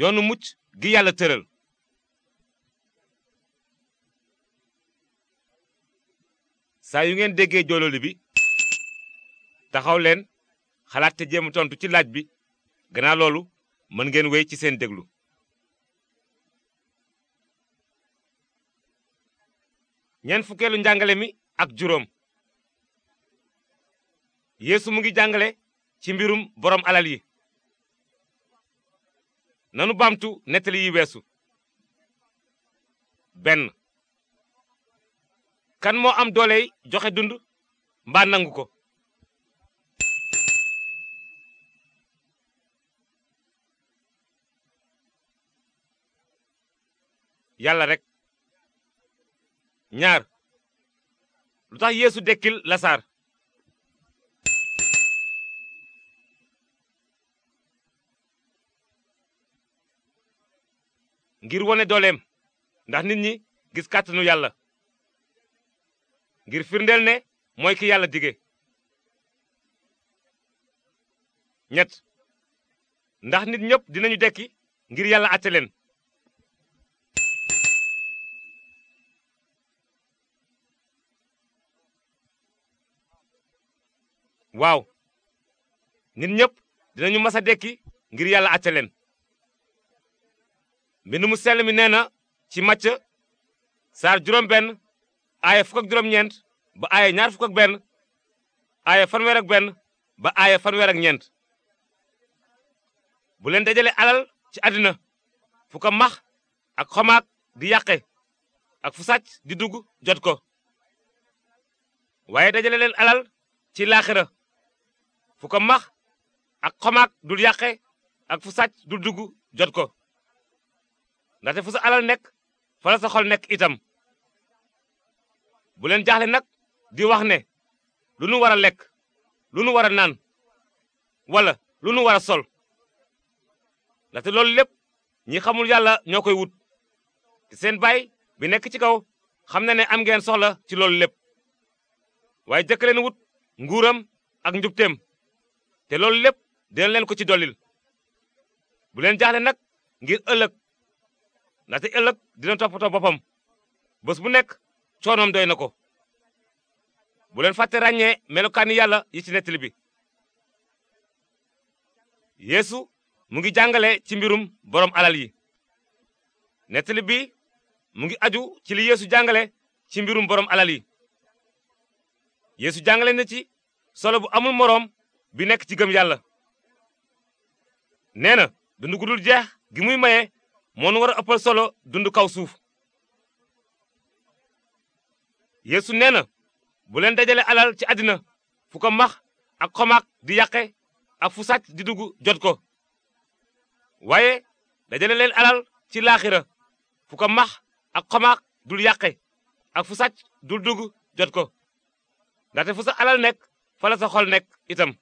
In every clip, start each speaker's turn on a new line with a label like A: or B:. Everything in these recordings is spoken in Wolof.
A: yoonu mucc gi yàlla tëral saa yu ngeen déggee joololi bi taxaw leen xalaat te tontu ci laaj bi gannaaw loolu mën ngeen wéy ci seen déglu ñeent fukkeelu njàngale mi ak juróom yeesu mu ngi jàngale ci mbirum boroom alal yi nanu baamtu nettali yi weesu benn kan moo am dooley joxe dund mbaa nangu ko yàlla rek ñaar lu tax yeesu dekkil lasaar ngir wone dooleem ndax nit ñi gis kàttanu yàlla ngir firndeel ne mooy ki yàlla dige ñett ndax nit ñëpp dinañu dekki ngir yàlla àtte leen waaw nit ñëpp dinañu mas a dekki ngir yàlla àtte leen mbind mu sell mi nee na ci màcc saar juróom benn aaya fukk ak juróom ñeent ba aaya ñaar fukk benn aaya fanweer benn ba aaya fanweer ñeent bu leen dajale alal ci àddina fu ko max ak xomaak di yàqe ak fu sàcc di dugg jot ko waaye dajale leen alal ci laaxira fu ko max ak xomaak dul yàqe ak fu sàcc dul dugg jot ko ndaxte fu sa alal nekk fa la sa xol nekk itam bu leen jaaxle nag di wax ne lu nu war a lekk lu nu war a naan wala lu nu war a sol ndaxte loolu lépp ñi xamul yàlla ñoo koy wut te seen baay bi nekk ci kaw xam na ne am ngeen soxla ci loolu lépp waaye jëkk leen wut nguuram ak njubteem te loolu lépp dina leen ko ci dollil bu leen jaaxle nag ngir ëllëg ndaxte ëllëg dina toppatoo boppam bës bu nekk coonoom doy na ko bu leen fàtte ràññee melokaani yàlla yi ci bi yéesu mu ngi jàngale ci mbirum boroom alal yi nettali bi mu ngi aju ci yéesu yeesu jàngale ci mbirum boroom alal yi yéesu jàngale na ci solo bu amul moroom bi nekk ci gëm yàlla nee na jeex gi muy maye moo nu war a solo dund kaw suuf yéesu nee na bu leen dajale alal ci àddina fu ko max ak xomaak di yàqe ak fu sàcc di dugg jot ko waaye dajale leen alal ci laaxira fu ko max ak xomaak dul yàqe ak fu sàcc dul dugg jot ko ndaxte fu sa alal nekk fa sa xol nekk itam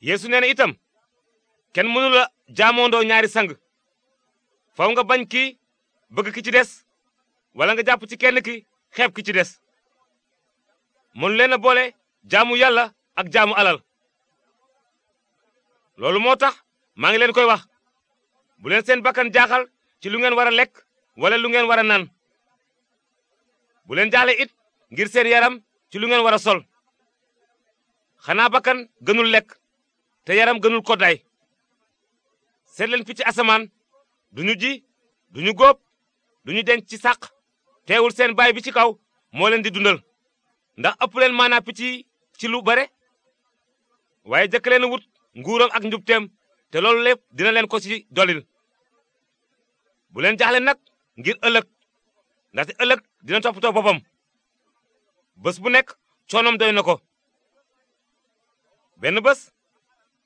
A: yéesu nee itam kenn mënu la jaamoondoo ñaari sang faw nga bañ kii bëgg ki ci des wala nga jàpp ci kenn ki xeeb ki ci des mënu leen a boole jaamu yàlla ak jaamu alal loolu moo tax maa ngi leen koy wax bu leen seen bakkan jaaxal ci lu ngeen war a lekk wala lu ngeen war a naan bu leen jaaxle it ngir seen yaram ci lu ngeen war a sol xanaa bakkan gënul lekk te yaram gënul koddaay seet leen picc asamaan duñu ji duñu góob duñu denc ci sàq teewul seen baay bi ci kaw moo leen di dundal ndax ëpp leen maanaa picc ci lu bare waaye jëkk leen wut nguuram ak njubteem te loolu lépp dina leen ko ci dolil bu leen jaaxle nag ngir ëllëg ndaxte ëllëg dina toppatoo boppam bës bu nekk coonom doy na ko benn bës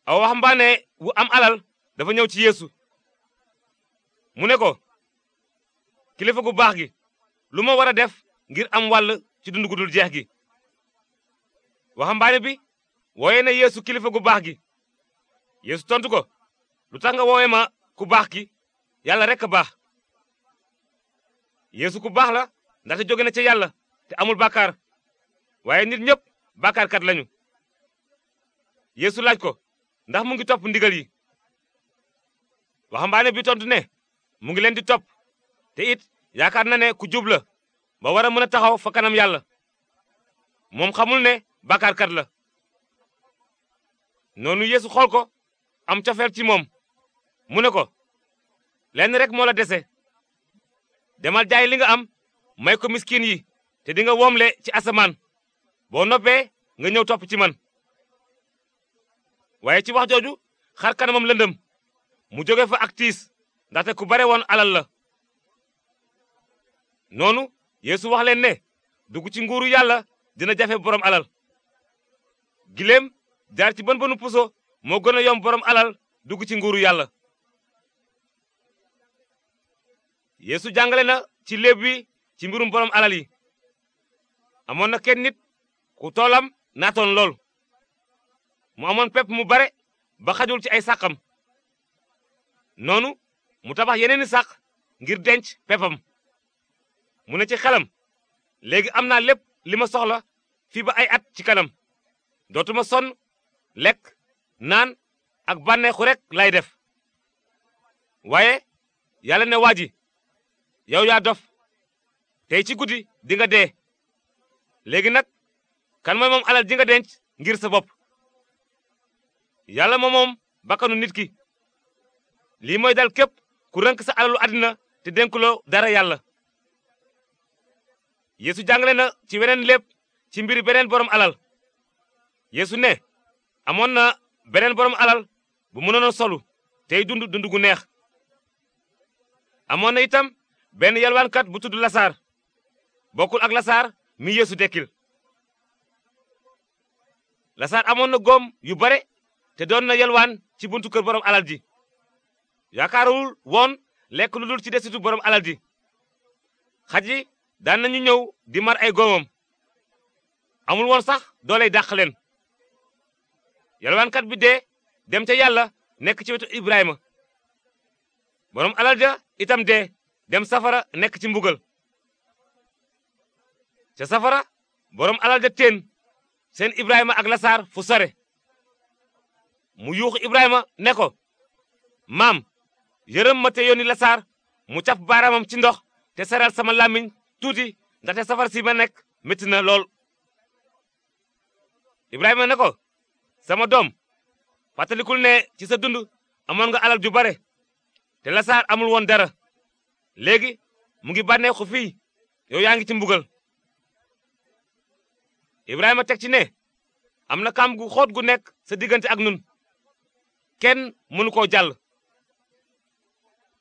A: aw waxambaane wu am alal dafa ñëw ci yéesu mu ne ko kilifa gu baax gi lu ma war a def ngir am wàll ci dund jeex gi waxambaane bi wooye na yéesu kilifa gu baax gi yéesu tontu ko lu tax nga woowe ma ku baax ki yàlla rek a baax yeesu ku baax la ndaxte jóge na ca yàlla te amul bàkkaar waaye nit ñépp bàkkaarkat lañu yeesu laaj ko ndax mu ngi topp ndigal yi waxambaane bi tontu ne mu ngi leen di topp te it yaakaar na ne ku jubla la ba war a mën a taxaw fa kanam yàlla moom xamul ne bàkkaarkat la noonu yéesu xool ko am cofeel ci moom mu ne ko lenn rek moo la dese demal jaay li nga am may ko miskin yi te di nga woomle ci asamaan boo noppee nga ñëw topp ci man waaye ci wax jooju xar kanamam lëndëm mu jóge fa ak tiis ndaxte ku bare woon alal la noonu yéesu wax leen ne dugg ci nguuru yàlla dina jafe borom alal giléem jaar ci bën bënu puso moo gën a yomb borom alal dugg ci nguuru yàlla yéesu jàngale na ci léeb wi ci mbirum borom alal yi amoon na kenn nit ku toolam naatoon lool mu amoon pepp mu bare ba ci ay saqam noonu mu tabax yeneeni sàq ngir denc pepam mu ne ci xelam léegi am naa lépp li ma soxla fii ba ay at ci kanam dootuma sonn lekk naan ak banneexu rekk lay def waaye yàlla ne waa ji yow yaa dof tey ci guddi dinga nga dee léegi nag kan mooy moom alal ji nga denc ngir sa bopp yàlla moo moom bakkanu nit ki lii mooy dal képp ku rënk sa alalu àddina te dénkuloo dara yàlla yeesu jàngale na ci weneen lépp ci mbir beneen borom alal yeesu ne amoon na beneen borom alal bu mënoon solu tey dund dund gu neex amoon na itam benn yalwaankat bu tudd lasaar bokkul ak lasaar mi yeesu dekkil lasaar amoon na góom yu bare te doon na yalwaan ci buntu kër borom alal ji yaakaarul woon lekk lu dul ci desitu borom alal ji daan nañu ñëw di mar ay góomam amul woon sax dooley dàq leen yalwaankat bi dee dem ca yàlla nekk ci wetu Ibrahima borom alal itam dee dem safara nekk ci mbugal ca safara borom alal ja seen Ibrahima ak lasaar fu sare mu yuux Ibrahima ne ko maam yërëm ma te yónni lasaar mu caf baaraamam ci ndox te seral sama làmmiñ tuuti ndaxte safar si ma nekk métti na lool ibrahima ne ko sama doom fàttalikul ne ci sa dund amoon nga alal ju bare te lasaar amul woon dara léegi mu ngi bànneexu fii yow yaa ngi ci mbugal ibrahima teg ci ne am na kàmb gu xóot gu nekk sa diggante ak nun kenn mënu koo jàll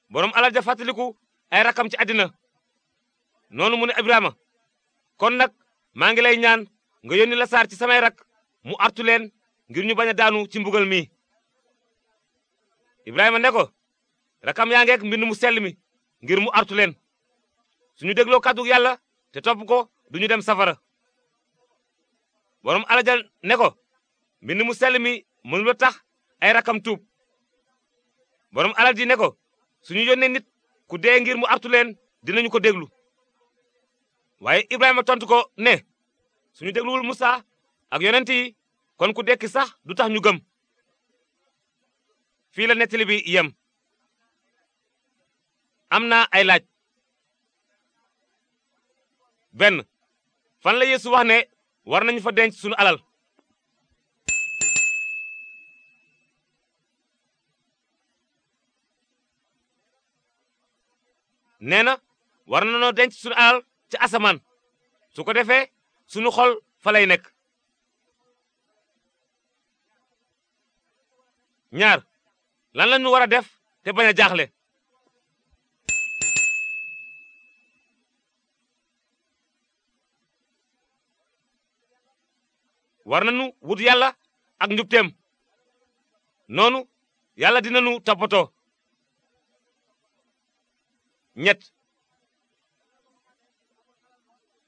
A: borom alal ja fàttaliku ay rakam ci àddina noonu mu ne Ibrahima kon nag maa ngi lay ñaan nga yónni la saar ci samay rak mu artu leen ngir ñu bañ a daanu ci mbugal mi. Ibrahima ne ko rakam yaa ngeek mbind mu sell mi ngir mu artu leen suñu dégloo kàddu yàlla te topp ko duñu dem safara borom alal ja ne ko mbind mu sell mi mënula tax ay rakam tuub borom alal ji ne ko suñu yónnee nit ku dee ngir mu artu leen dinañu ko déglu waaye Ibrahima tontu ko ne suñu dégluwul Musa ak yonent yi kon ku dekki sax du tax ñu gëm fii la nettali bi yem am na ay laaj benn fan la Yeesu wax ne war nañu fa denc suñu alal nee na war na noo denc suñu alal ci asamaan su ko defee sunu xol fa nekk ñaar lan la ñu war a def te bañ a jaaxle war nañu wut yàlla ak njubteem noonu yàlla dina dinañu tappatoo ñett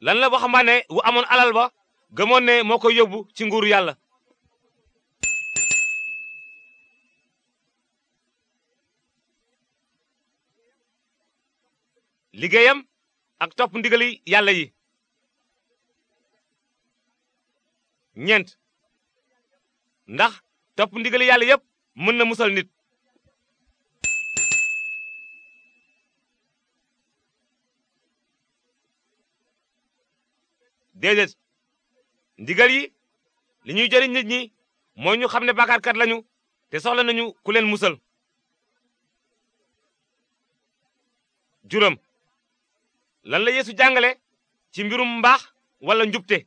A: lan la waxambaane wu amoon alal ba gëmoon moo ko yóbbu ci nguuru yàlla liggéeyam ak topp ndigali yàlla yi ñeent ndax topp ndigali yàlla yépp mën na musal nit déedéet ndigal yi li ñuy jëriñ ñi mooy ñu xam ne bàkkaarkat lañu te soxla nañu ku leen musal juram lan la yeesu jàngale ci mbirum mbaax wala njubte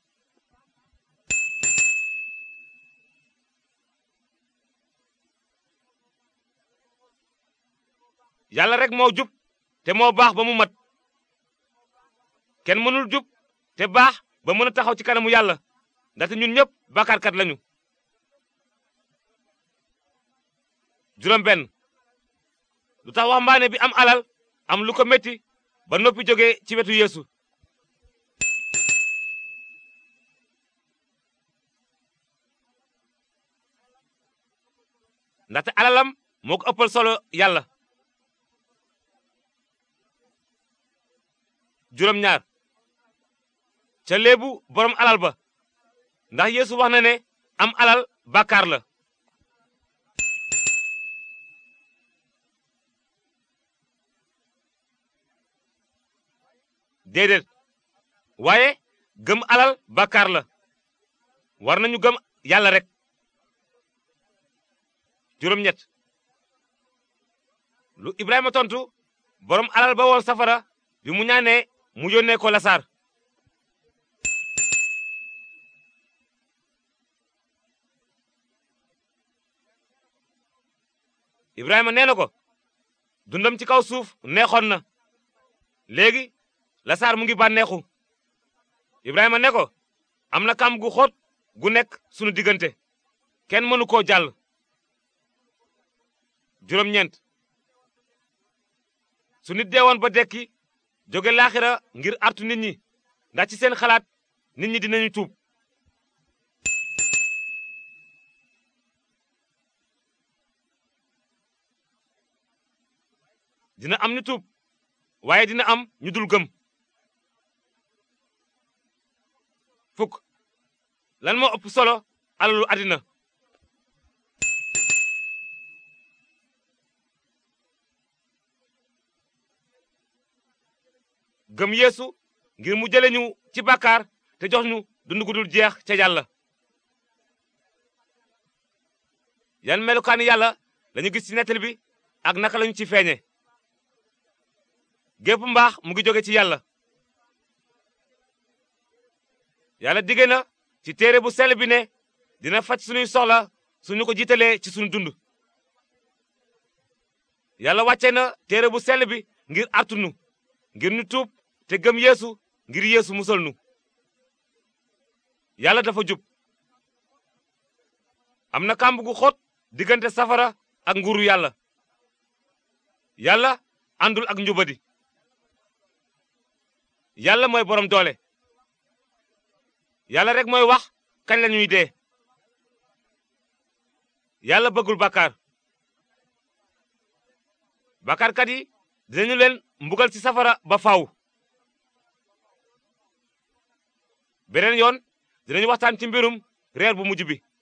A: yàlla rek moo jub te moo baax ba mu mat kenn mënul jub te baax ba mën a taxaw ci kanamu yàlla ndaxte ñun ñëpp bàkkaarkat lañu. juróom benn lu tax waxambaane bi am alal am lu ko metti ba noppi jóge ci wetu yéesu ndaxte alalam moo ko ëppal solo yàlla. juróom ñaar. ca léebu boroom alal ba ndax yéesu wax ne am alal bàkkaar la déedéet waaye gëm alal bàkkaar la war nañu gëm yàlla rek juróom-ñett lu ibrahima tontu boroom alal ba safara bi mu ñaanee mu yónnee ko lasaar Ibrahima nee na ko dundam ci kaw suuf neexoon na léegi lasaar mu ngi bànneexu Ibrahima ne ko am na kam gu xóot gu nekk sunu diggante kenn mënu koo jàll juróom-ñeent su deewoon ba dekki jóge laaxira ngir artu nit ñi ndax ci seen xalaat nit ñi dinañu tuub dina am ñu tuub waaye dina am ñu dul gëm fukk lan moo ëpp solo alalu àddina gëm yéesu ngir mu jële ñu ci bakaar te jox ñu dund dul jeex ca yàlla yan melukaani yàlla lañu gis ci nettali bi ak naka lañu ci feeñe gépp mbaax mu ngi jóge ci yàlla yàlla digge na ci téere bu sell bi ne dina faj suñuy soxla suñu ko jiitalee ci suñu dund yàlla wàcce na téere bu sell bi ngir artunu ngir nu tuub te gëm yéesu ngir yéesu musal nu yàlla dafa jub am na kàmb gu xóot diggante safara ak nguuru yàlla yàlla àndul ak njubadi yàlla mooy borom doole yàlla rek mooy wax kañ la ñuy dee yàlla bëggul bàkkaar bàkkaarkat yi dinañu leen mbugal ci safara ba faw beneen yoon dinañu waxtaan ci mbirum reer bu mujj bi